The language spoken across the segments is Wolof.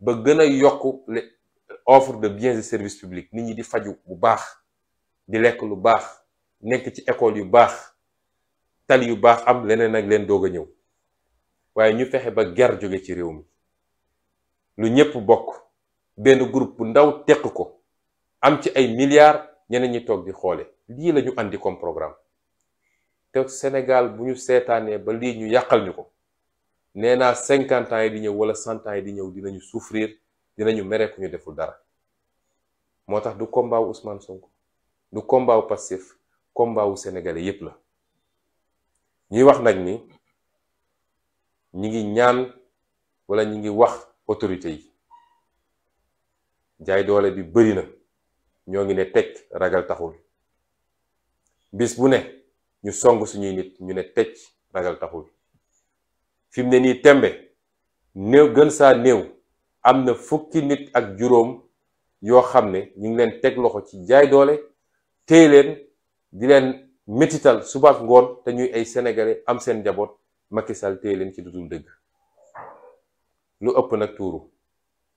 ba gën a yokk le de biens service services nit ñi di faju bu baax di lekk lu baax nekk ci école yu baax tali yu baax am leneen ak leen doog a ñëw waaye ñu fexe ba ger jóge ci réew mi lu ñépp bokk benn groupe bu ndaw teq ko am ci ay milliards ñeneen ñi toog di xoole lii lañu ñu andi comme programme te Sénégal bu ñu seetaanee ba lii ñu yàqal ñu ko nee naa cinquante ans yi di ñëw wala cent ans yi di ñëw dinañu souffrir dinañu mere ku ñu deful dara moo tax du combat wu Ousmane du combat wu Pastef combat wu sénégalais yépp la ñuy wax nag ni ñi ngi ñaan walla ñi ngi wax autorité yi jaay doole bi bëri na ñoo ngi ne teg ragal taxul bis bu ne ñu song suñuy nit ñu ne teg ragal taxul fi ne nii tembe néew gën saa néew am na fukki nit ak juróom yoo xam ne ñu ngi leen teg loxo ci jaay doole téye leen di leen métital suba ngoon te ñuy ay sénégalais am seen njaboot makisal Sall leen ci lu dul dëgg lu ëpp nag tuuru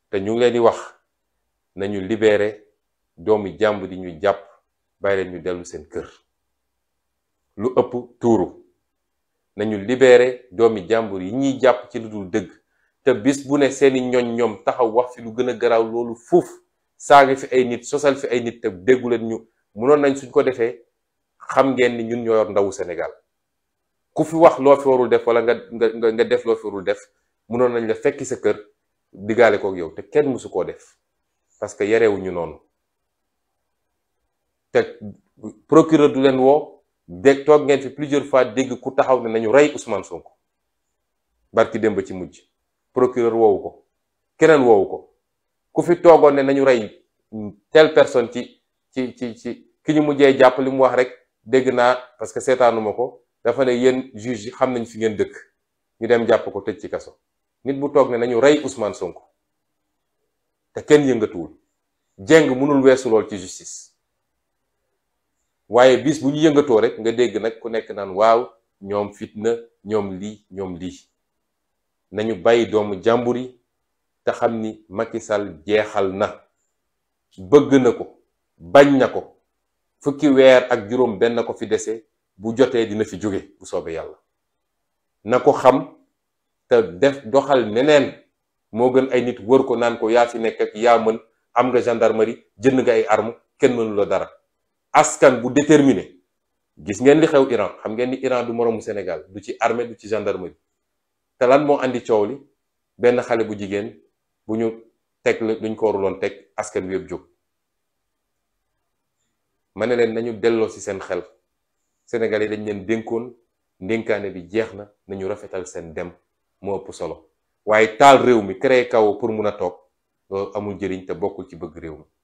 te ñu ngi leen di wax nañu libéré doomi jàmb di ñu jàpp bàyyi leen ñu dellu seen kër lu ëpp tuuru nañu libeere doomi jàmbur yi ñuy jàpp ci lu dul dëgg te bis bu ne seeni ñooñ ñoom taxaw wax fi lu gën a garaaw loolu fuuf saaga fi ay nit sosal fi ay nit te déggu leen ñu munoon nañ suñ ko defee xam ngeen ni ñun ñoo yor ndawu senegal ku fi wax loo fi warul def walla nga nga nga def loo fi warul def munoon nañ la fekki sa kër diggaale kook yow te kenn mësu koo def parce que yarewuñu noonu te procureur du leen woo dégg toog ngeen fi plusieurs fois dégg ku taxaw ne nañu rey Ousmane Sonko barki démb ci mujj procureur woowu ko keneen woowu ko ku fi toogoon ne nañu rey telle personne ci ci ci ci ki ñu mujjee jàpp li mu wax rek dégg naa parce que seetaanuma ko dafa ne yéen juge yi xam nañ fi ngeen dëkk ñu dem jàpp ko tëj ci kaso nit bu toog ne nañu rey Ousmane Sonko te kenn yëngatuwul jeng mënul weesu lool ci justice waaye bis bu ñu yëngatoo rek nga dégg nag ku nekk naan waaw ñoom fitna ñoom lii ñoom lii nañu bàyyi doomu jàmbur yi te xam ni Macky Sall jeexal na bëgg na ko bañ na ko fukki weer ak juróom benn ko fi dese bu jotee dina fi jóge bu soobee yàlla na ko xam te def doxal neneen moo gën ay nit wër ko naan ko yaa fi nekk ak yaa mën am nga gendarmerie jën nga ay arme kenn mënu dara askan bu déterminé gis ngeen li xew Iran xam ngeen ni Iran du moroomu Sénégal du ci armée du ci gendarmerie te moo indi coow li benn xale bu jigéen bu ñu teg la duñ ko waruloon teg askan wi yëpp jóg ma ne leen nañu delloo ci seen xel Sénégal yi dañ leen dénkoon ndénkaane bi jeex na nañu rafetal seen dem moo ëpp solo waaye taal réew mi créé kaw pour mun a toog loolu amul njëriñ te bokkul ci bëgg réew mi